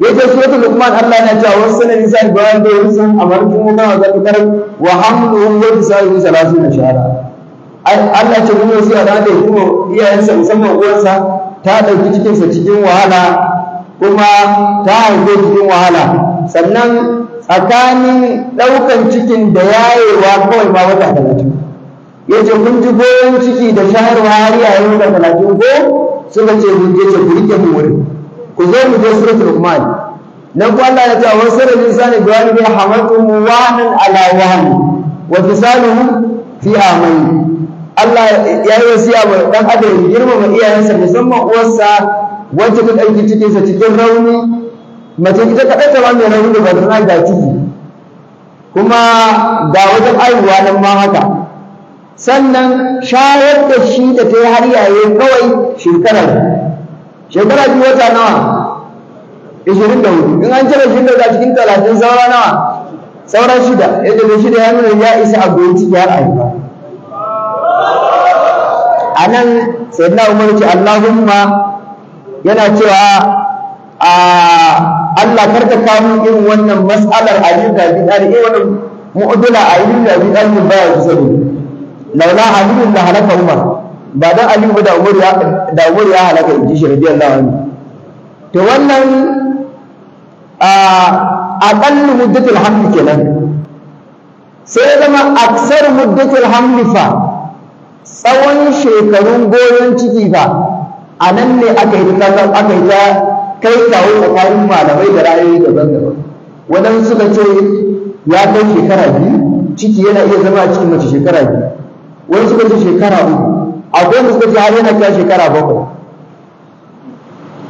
ya ce wata luqman Allah na cewa wasu sanar isa ibrahim da yusun amartu mu da zaka wa hamluhum wa tisaihi salasuna shahara Allah ce kuma sai yana da kuma iyayensa musamman uwansa ta ɗauki cikinsa cikin wahala kuma ta haife cikin wahala sannan tsakanin ɗaukan cikin da yayewa kawai ba wata talatin ya ce kun ji goyon ciki da shayarwa har yayin da talatin ko suka ce mun je ce kuri rike mu ku zo mu je suratul luqman na ko Allah ya ce wa sirrin insani da wani hamatu wahan ala wahan wa fisaluhu fi amali Allah ya yi wasiya wa dan adam girmama iyayensa musamman uwarsa wacce ta ɗauki cikinsa cikin rauni mace ita kaɗai ta mai rauni da ba ta ciki kuma ga wajen aiwuwa nan ma haka sannan shayar da shi da ta yi har yaye kawai shekarar shekara biyu wata nawa ishirin da hudu in an cire shi daga cikin talatin saura nawa saura shida yadda da shida ya nuna ya isa a goyi ciki har aiki a nan sai na umar allahumma yana cewa a Allah karka kawo irin wannan mas'alar a yi da bi ɗari irin wannan mu'udula a yi da bi ɗari baya su da laula aliyu da halaka umar ba dan aliyu ba da umar ya da umar ya halaka inji shi radiyallahu anhu to wannan a aqallu muddat alhamd kenan sai zama aksar muddat alhamd fa tsawon shekarun goyon ciki ba, a nan ne aka yi ta aka yi ta kai kawo tsakanin malamai da ra'ayoyi daban-daban wadansu suka ce ya kai shekara biyu ciki yana iya zama a cikin mace shekara biyu wani suka ce shekara uku akwai wanda suka ce har yana kai shekara bakwai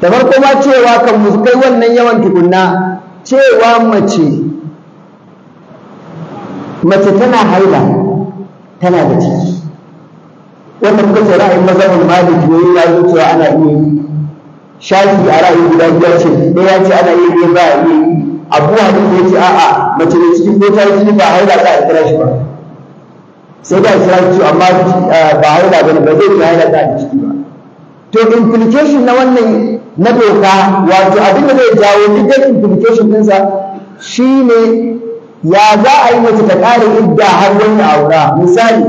da farko ma cewa kan mu kai wannan yawan tukunna cewa mace mace tana haila tana da ciki wanda kuka ce ra'ayin mazhabin maliki ne ya zo cewa ana iya yi shafi a ra'ayi guda biyar ce ɗaya ce ana iya yi ba a iya yi abu hanifa ya ce a'a mace mai ciki ko ta yi ciki ba haila za a kira shi ba sai da shi ciki amma ba haila bane ba zai kira haila ta ciki ba to implication na wannan na doka wato abin da zai jawo legal implication ɗinsa shine ya za a yi mace ta ƙara idda har wani aura misali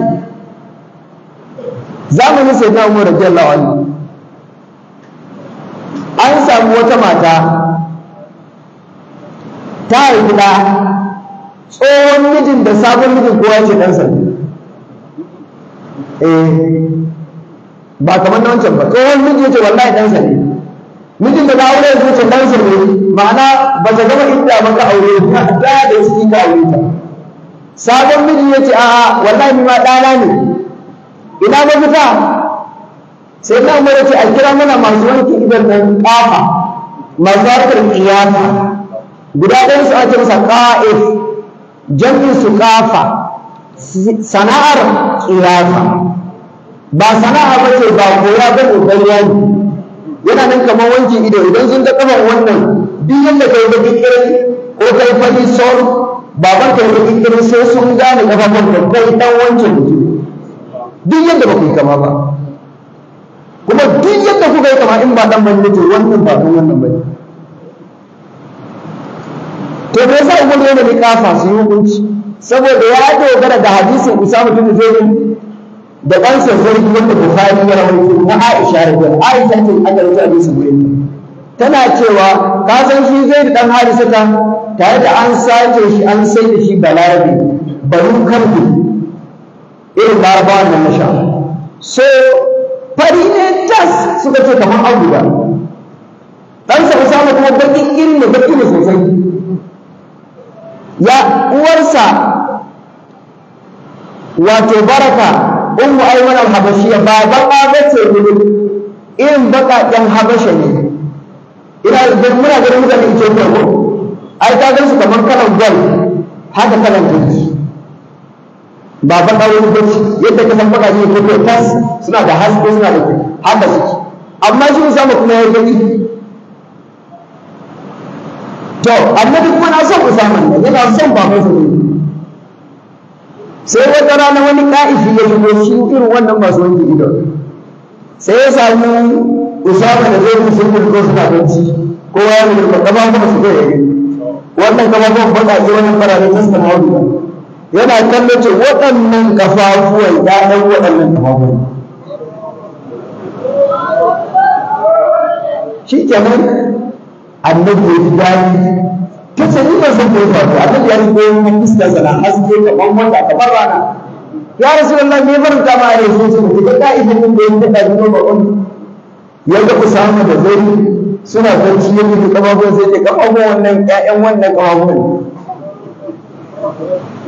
zamanin sai na umar radiyallahu anhu an samu wata mata ta haifi da tsohon mijin da sabon mijin kowa ce ɗansa ne Eh, ba kamar na wancan ba wani miji yace wallahi dan sa ne mijin da ba aure ya ce dan ne ma'ana ba ta gama idda maka aure ka da da shi ka aure ta sabon miji yace a wallahi ni ma dana ne ina ba fita sai ta umar ce a kira mana masu wanke idan nan kafa masu harkar iyafa guda ɗan su ake masa ka'if jami'in su kafa sana'ar ƙirafa ba sana'a ba ce ba koya ba ƙoƙari yaji. yana nan kamar wankin ido idan sun ta kafan wannan duk yadda kai da kikirin ko kai fari sol baban kai da kikirin sai sun gane kafafan da kai dan wancan mutum duk yadda ba kai kama ba kuma duk yadda kuka yi kama in ba dan bane ne to wannan ba dan wannan bane to me yasa ku dole ne kafa su hukunci saboda ya dogara da hadisin usama bin zaid da kansa sai wanda bukhari ya rawaito na aisha radiyallahu aisha ce aka rawaito hadisin gurin tana cewa ka san shi zaid dan harisata tare da an sace shi an sai da shi Balabi bari karbi irin larabawan nan masha so fari ne tas suka ce kamar dan ɗansa usama kuma baƙin irin da baƙi ne sosai ya uwarsa wato baraka ummu aiman al-habashiyya ba ba ce gudu irin bakaken habasha ne ina da muna ganin mutane Ethiopia ko ai ta gan su kamar kalan gol haka kalan jirgi ba ba wani bace yadda ka san baka ne ko tas suna da haske suna da haka suke amma shi musamman kuma ya gani to annabi kuma na son usama ne yana son baban sa sai wata rana wani ka'ifi ya shigo shi irin wannan masu wanke idan sai ya sami usama da zai sun ko suna bacci kowa ya rubuta kaba kuma su zai yi wannan ba kuma baƙaƙe wannan fararen sun sama wani yana kallo ce waɗannan kafafuwan ɗaɗan waɗannan kafafuwan shi kenan annabi ya ji daɗi ta ce ina son ta yi faɗo annabi ya rigo yin fuskar sana haske kamar wata kamar rana ya rasu Allah me faranta ma ya so su ta ka'idin da ya faɗa ni ba on ya ga samu da Zaid suna bacci ya mutu kamar sai ke kamar wannan ƴaƴan wannan kamar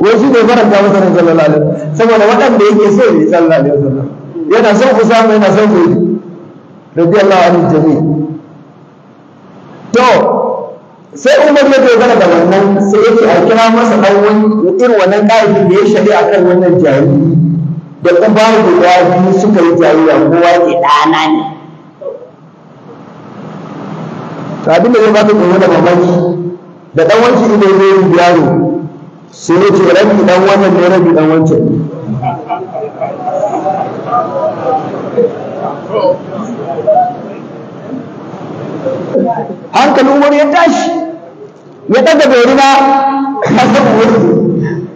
wai shi ne faranta masa ne sallallahu alaihi wasallam saboda waɗanda yake so ne sallallahu alaihi wasallam yana son ku samu yana son yi. Zaid radiyallahu anhu jami'a to sai umar ya dogara da wannan sai yake a kira masa ɗan wani irin wannan ƙa'idin da ya a kan wannan jari, da da ya biyu suka yi a kowa ke ɗana ne to abin da ya ba ta kuma da mamaki da ɗan wancan ido ne yaro sai ya ce rabi ɗan wannan ne rabi ɗan wancan ne hankalin umar ya tashi ya daga bari na kasar wuri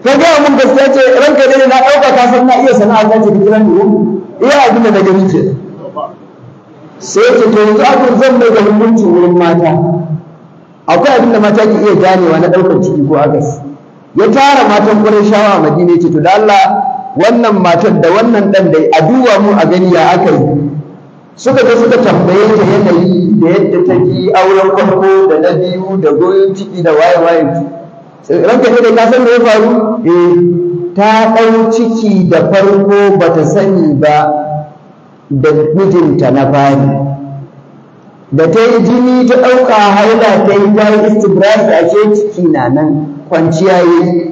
Ta gaya mun gaskiya ce ranka dai na ɗauka kasan na iya sana'a ta jirgin ran da iya abin da na gani ce sai ce to yanzu abin zan mai da hukunci wurin mata akwai abin da mata ke iya ganewa na ɗaukar ciki ko agas ya tara matan gurin shawa madina ce to da Allah wannan matan da wannan ɗan dai a duwa mu a gani ya aka yi suka je suka tambaye ta yanayi da yadda ta ji auren farko da na biyu da goyon ciki da waye waye ranka ne ka san me ya faru eh ta ɗau ciki da farko ba ta sani ba da mijinta na fari da ta yi jini ta ɗauka haila ta yi ta yi da a ciki na nan kwanciya yi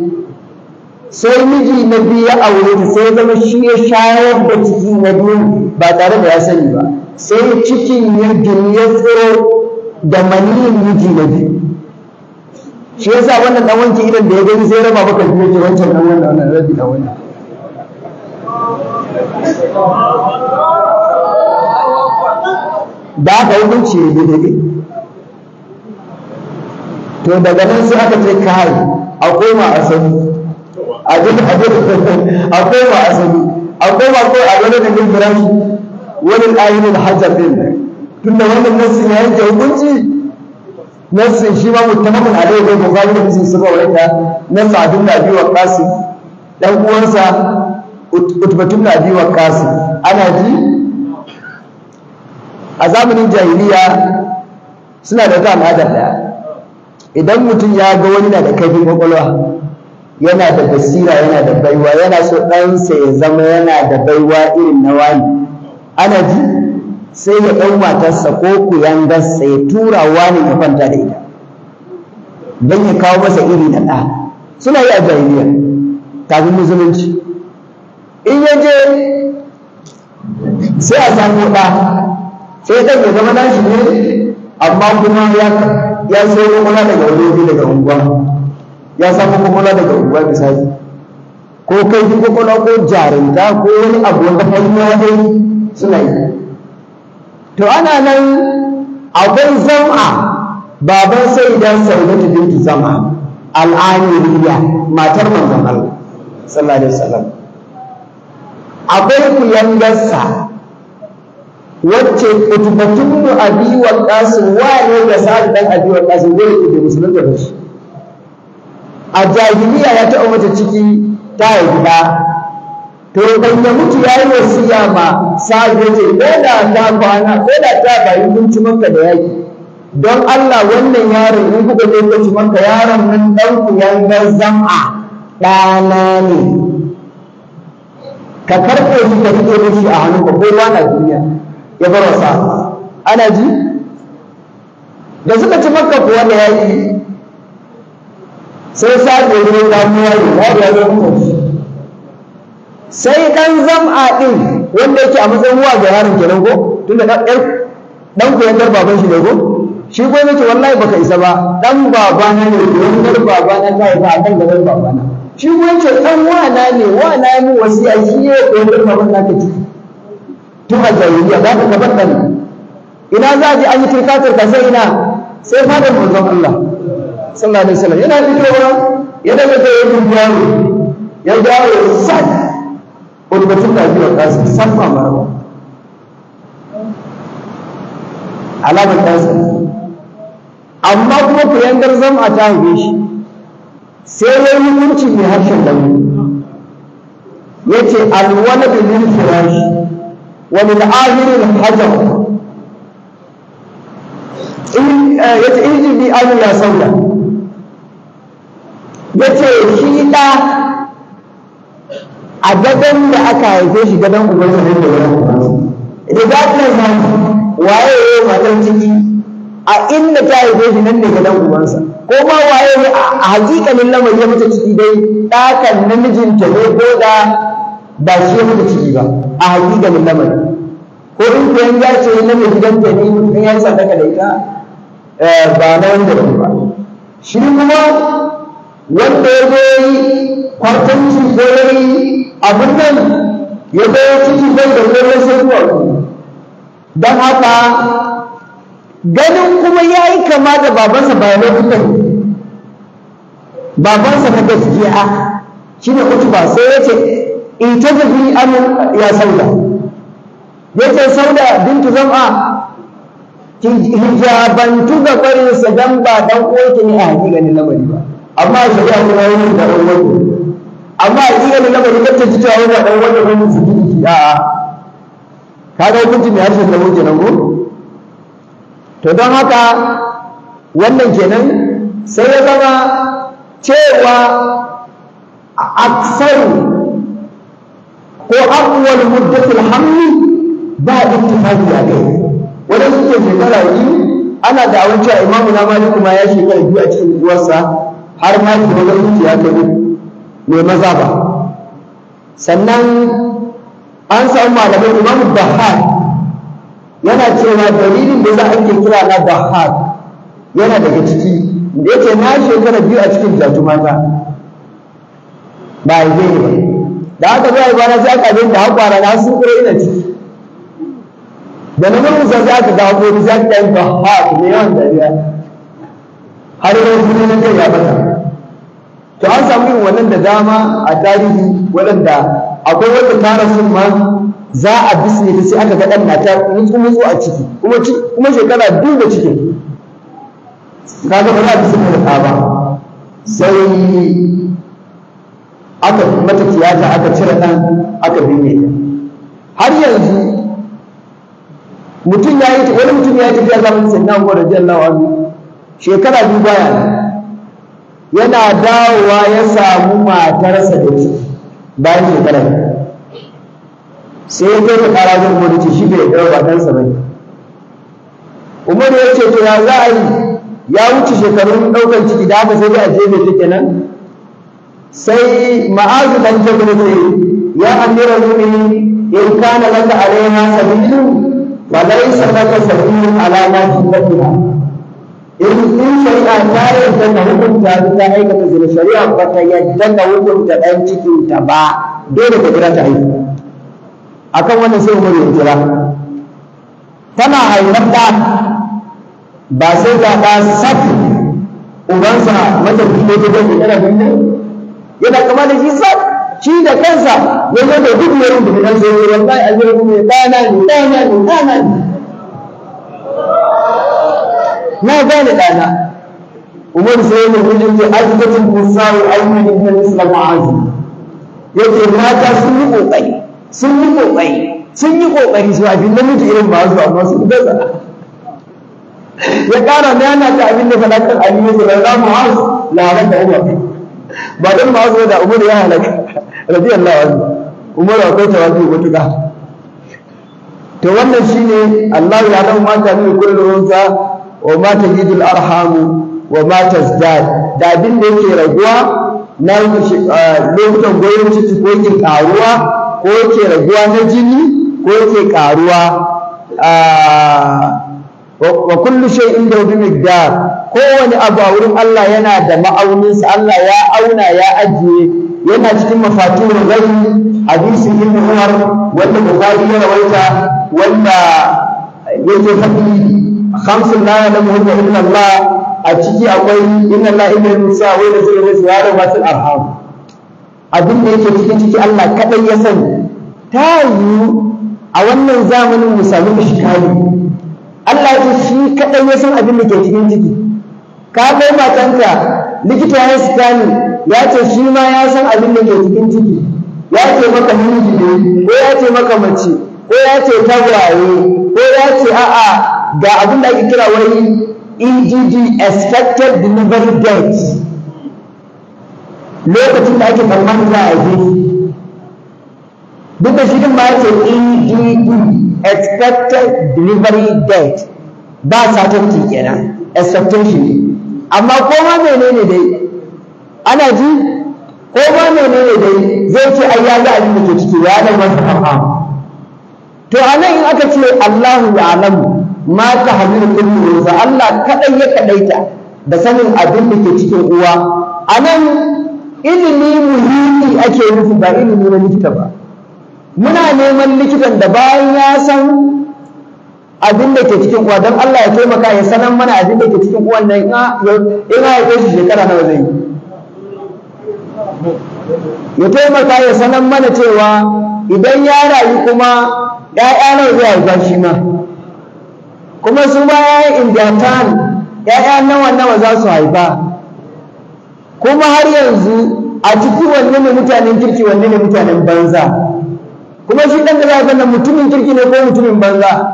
sai miji na biyu ya aure sai zama shi ya shayar da ciki na biyu ba tare da ya sani ba sai cikin ya gini ya tsiro da maniyin miji na biyu shi yasa wannan dan idan da ya gani sai raba maka biyu ke wancan dan wannan wannan rabi da wannan da aka hukunci ne to daga nan sai aka ce kai a koma a sani a duk akwai ba asali akwai ba kawai a wani da bin birani wani ainihin hajjar din tun da wannan nassin ya yanke hukunci nassin shi ma mutamamin alaihi bai bukari da musu suka waita na sadun na biyu wa kasi ɗan uwansa utbatun na biyu wa kasi ana ji a zamanin jahiliya suna da ta al'adar daya idan mutum ya ga wani na da kaifin kwakwalwa yana da basira yana da baiwa yana so ɗansa ya zama yana da baiwa irin na wani ana ji sai ya ɗan matarsa ko kuyangarsa ya tura wani ya kwanta da ita don ya kawo masa iri na ɗa suna yi a jahiliya musulunci in ya je sai a samu ɗa sai ɗan ya zama nashi ne amma kuma ya sai kuma daga wani daga unguwa ya samu kwakwalwa daga uba misali ko kai fi kwakwalwa ko jarinta ko wani abu wanda hanyoyi suna yi to ana nan akwai zama baban sai idan saudatu binti zama al'amiriya matar manzon Allah sallallahu alaihi wasallam akwai kuyangarsa wacce kutubatun mu abi wa qasim wa ne da sa'ad dan abi wa qasim dole ki musulunta da shi a jahiliya ya taɓa mata ciki ta yi ba to ban ya mutu ya yi wasiya ma sa'adu ce ko da ta kwana ko da ta bayi kun ci maka da yaki don Allah wannan yaron in kuka je ku maka yaron nan dan ku garzan zama ɗana ne ka karɓe shi ka rike mishi a hannun ka ko na duniya ya bar wasa ana ji da suka ci maka kuwa da yaki sai sake wurin damuwa ne ya da zama mafi sai dan zam'a din wanda yake a matsayin uwa ga yaron kenan ko tunda dan ɗan dan ku yantar baban shi ne ko shi ko yake wallahi baka isa ba dan babana ne koyan baba babana ta yi ba dan baba babana shi ko yake dan wana ne wana yi mu wasiya shi ya koyan dar baban naka ciki tun a jahiliya za ka gaban ina za a je an yi turka ka sai ina sai fadar manzon Allah sallallahu alaihi wasallam yana fitowa ya daga da ya dubi yaro ya dawo sai ubatu ta biyo kasa san ma marwa alamar kasa amma kuma ku yandar zama ta haife shi sai ya yi hukunci mai harshen da mu. ya ce alwalad lil firash wa lil ahir al hajar eh, Ya ce in ji bi an ya sauya ya ce shi da a gadon da aka haife shi gaban ubansa ne da gadon ubansa regardless na waye ya yi matan ciki a inda ta haife shi nan ne dan ubansa ko ma waye ne a hakikalin lamari ya mata ciki dai ɗakan namijinta ne ko da ba shi ya mata ciki ba a hakikalin lamari ko in kuwa ya ce na mai ta ne in ya yi sadaka da ita eh, ba na wanda ba shi kuma wanda ya zo yi kwartanci ko ya yi abin nan ya zo ya ciki don da zai sai zuwa don haka ganin kuma ya yi kama da babansa ba ya lokutan babansa na gaskiya shi ne ba sai ya ce in ta zafi amin ya sauda ya ce sauda bintu zama hijabantu ga kwarinsa don ba dan uwanki ne a hakikanin lamari ba amma a shari'a kuma wani da ɗan wani amma a cikin na bari kanta ci cewa wani ɗan wani wani su ki a a ka ga hukunci mai harshen lamo kenan ko to don haka wannan kenan sai ya zama cewa aksaru ko abuwar muddatul hamli ba ittifaqi a kai wanda suke shekara biyu ana da awon a imamu na maliku ma ya shekara biyu a cikin uwarsa har ma kuma ga ya ta ne mai maza ba sannan an san malamin imamu bahar yana cewa dalilin da za a ke kira na bahar yana daga ciki da yake na shekara biyu a cikin jajumata ba a yi ba da haka zai gwara sai aka bin da haƙwara na sun kura ina ciki da na mulmusa sai aka ga hakori sai aka yi bahar mai yawan dariya har yau sunan kai ya bata to an samu irin wannan da dama a tarihi waɗanda akwai wanda tara sun ma za a bisne ta sai aka ga ɗan mata mutsu-mutsu a ciki kuma shekara duba cikin kaga ba za a bisne da ba sai aka mata tiyata aka cire ɗan aka binne har yanzu mutum ya yi wani mutum ya yi tafiya zamanin sannan ko radiyallahu anhu shekara biyu baya yana dawowa ya samu matarsa da ciki bayan shekara sai ya kai da kara zan shi bai shi ba ɗaura sa ba umaru ya ce to ya za a yi ya wuce shekarun ɗaukar ciki da haka sai ya a jefe ta kenan sai ma'azu dan jabir ce ya amira mu'mini in kana laka alaiha sabilu wa laysa laka sabilu ala ma tuqina yanzu in shari'a ta yarda da hukunta su ta aikata zina shari'a ba ta yarda ka hukunta ɗan cikinta ba dole ka jira ta haihu akan wannan sai umar ya jira tana haifar da ba sai ta ɗa saf ubansa matafi ne ta gani yana binne yana kama da shi saf shi da kansa ya zo da duk yaron da ɗan zai yi wallahi a zira kuma ya ɗana ne ɗana ne ɗana ne na gane ɗana umar sai ne mun yake azgatin kusawu ayyukan ibn islam azu yake mata sun yi kokari sun yi kokari sun yi kokari su abin namiji irin ba su amma su gaza ya kara ne yana ta abin da falakar aliyu da rana la ran da umar ba dan ma'az da umar ya halaka radiyallahu anhu umar akwai tawadu mutuka to wannan shine Allah ya lahu mata ne min kullu unsa wa ma tazidul arhamu wa ma tazdad da abin da yake raguwa na eh, lokutan goyon ciki ko yake karuwa ko yake raguwa na jini ko yake karuwa eh, wa kullu shay'in da bi miqdar kowane abu a wurin Allah yana da sa Allah ya auna ya ajiye yana cikin mafatihul ghaib hadisi ibn Umar wanda Bukhari ya rawaita wanda yake fadi خمس لا ya'lamuhunna illa الله a ciki akwai الله la ilaha illa wa la ilaha abin da yake cikin ciki Allah ya sani ta a wannan zamanin mu samu mishkali Allah ya shi kadai ya san abin da ke cikin ciki ka kai matanka likita ya sani ya ce shi ma ya san abin da ke cikin ciki ya ce maka ne ko ya ce maka mace ko ya ce tagwaye ko ya ce a'a ga abin da ake kira wai EGD expected delivery date lokacin da ake tsammanin za a yi duk da shi din ba ya ce EGD expected delivery date ba ke kenan expectation ne amma ko ma menene dai ana ji ko ma menene dai zai ce ai ya ga abin da ke ciki ya dan wasu to anan in aka ce Allahu ya'lamu Mata ta hamilu ilmin Allah kadai ya kadaita da sanin abin da ke cikin uwa anan ilimi muhimmi ake nufi ba ilimi na likita ba muna neman likitan da bayan ya san abin da ke cikin uwa don Allah ya taimaka ya sanar mana abin da ke cikin uwan nan in ya kai shi shekara nawa zai yi ya taimaka ya sanar mana cewa idan ya rayu kuma ya'ya nawa zai haifa shi ma kuma su ya yayin indiyatan ya'ya nawa nawa za su haifa kuma har yanzu a ciki wanne ne mutanen kirki wanne ne mutanen banza kuma shi ɗan da za ka mutumin kirki ne ko mutumin banza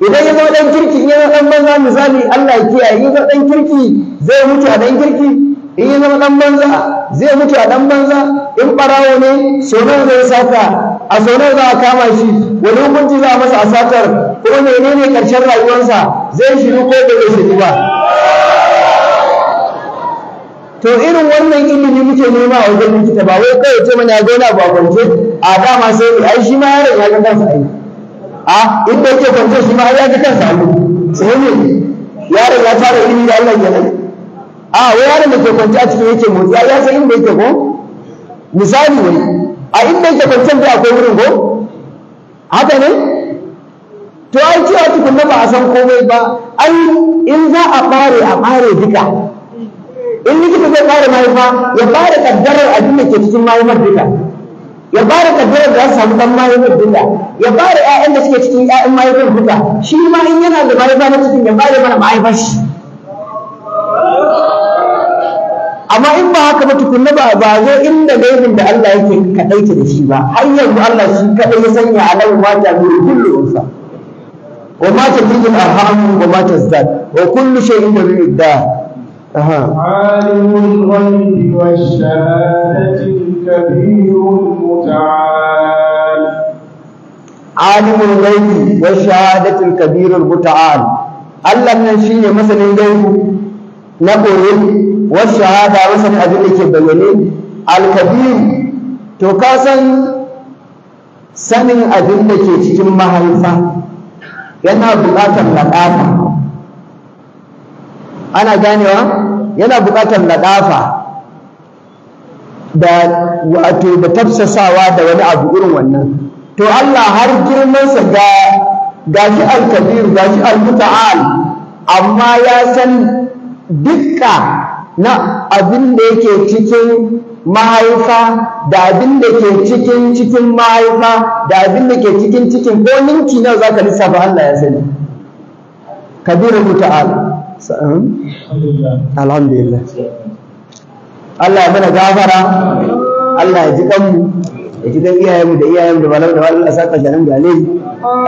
idan ya zama ɗan kirki in ya zama ɗan banza misali Allah ya kiyaye in ya zama ɗan kirki zai mutu a ɗan kirki in ya zama ɗan banza zai mutu a ɗan banza in ɓarawo ne so zai saka a zaune za a kama shi wani hukunci za a masa a satar ko menene ƙarshen rayuwarsa zai shiru ko da zai shiru ba to irin wannan ilimi muke nema a wajen likita ba wai kai ce mana gona ba wani a kwance a dama sai ai shi ma yaron ya ga kansa ai a inda yake kwance shi ma ya ga kansa ai sai ne yaron ya fara ilimi da Allah kenan a wai yaron da ke kwance a cikin yake motsi ya san inda yake ko misali wai a inda yake kwanciyar da akwai wurin ko haka ne to ai cewa tukunna ba a san komai ba ai in za a bare a bare duka in likita zai fara mahaifa ya fara kaddarar abin da ke cikin mahaifar duka ya fara kaddarar da za su samu dan mahaifar duka ya fara 'ya'yan da suke cikin 'ya'yan mahaifar duka shi ma in yana da mahaifa na cikin ya fara mana mahaifar shi amma in ba haka ba tukunna ba ba zo inda gaibin da Allah yake kadaita da shi ba har yanzu Allah shi kadai ya sanya alau ma ta bi kullu unsa wa ma ta bi arham wa ma tazdad wa kullu shay'in bi idda aha alimul ghaibi wash shahadati kabirul muta'al alimul ghaibi wash shahadati kabirul muta'al Allah nan shine masanin gaibu na koyi wasu shahada masan abin da ke bayyane alkabir to ka san sanin abin da ke cikin mahaifa yana buƙatar laɗafa ana ganewa yana buƙatar laɗafa da wato da tafsasawa da wani abu irin wannan to Allah har girmansa ga gashi alkabir gashi almuta'al amma ya san dukka na abin da yake cikin mahaifa da abin da ke cikin cikin mahaifa da abin da ke cikin cikin ko ninki nawa za ka lissafa Allah ya sani kabiru muta'al alhamdulillah Allah ya mana gafara Allah ya ji kanmu ya ji kan iyayen mu da iyayen mu da malam da malam Allah saka jahan gane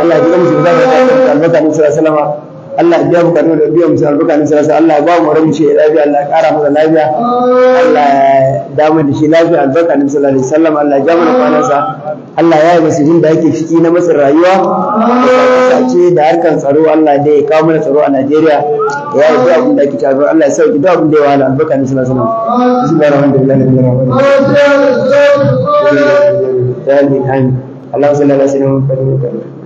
Allah ya ji kanmu shi da zai da albarka musu sallama Allah ya biya bukatu da biyan musu albarka na sarasa Allah ya ba mu ramu ce lafiya Allah ya kara masa lafiya Allah ya damu da shi lafiya albarka na sallallahu alaihi wasallam Allah ya ja na kwanansa Allah ya yi masu jin da yake ciki na matsin rayuwa ce da harkan tsaro Allah da ya kawo mana tsaro a Najeriya ya yi biya abin da ake tafiya Allah ya sauki duk abin da ya wahala albuka na sallallahu alaihi wasallam bismillahir rahmanir rahim اللهم صل على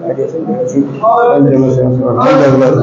hadisin da ya ci wanda musulunci wanda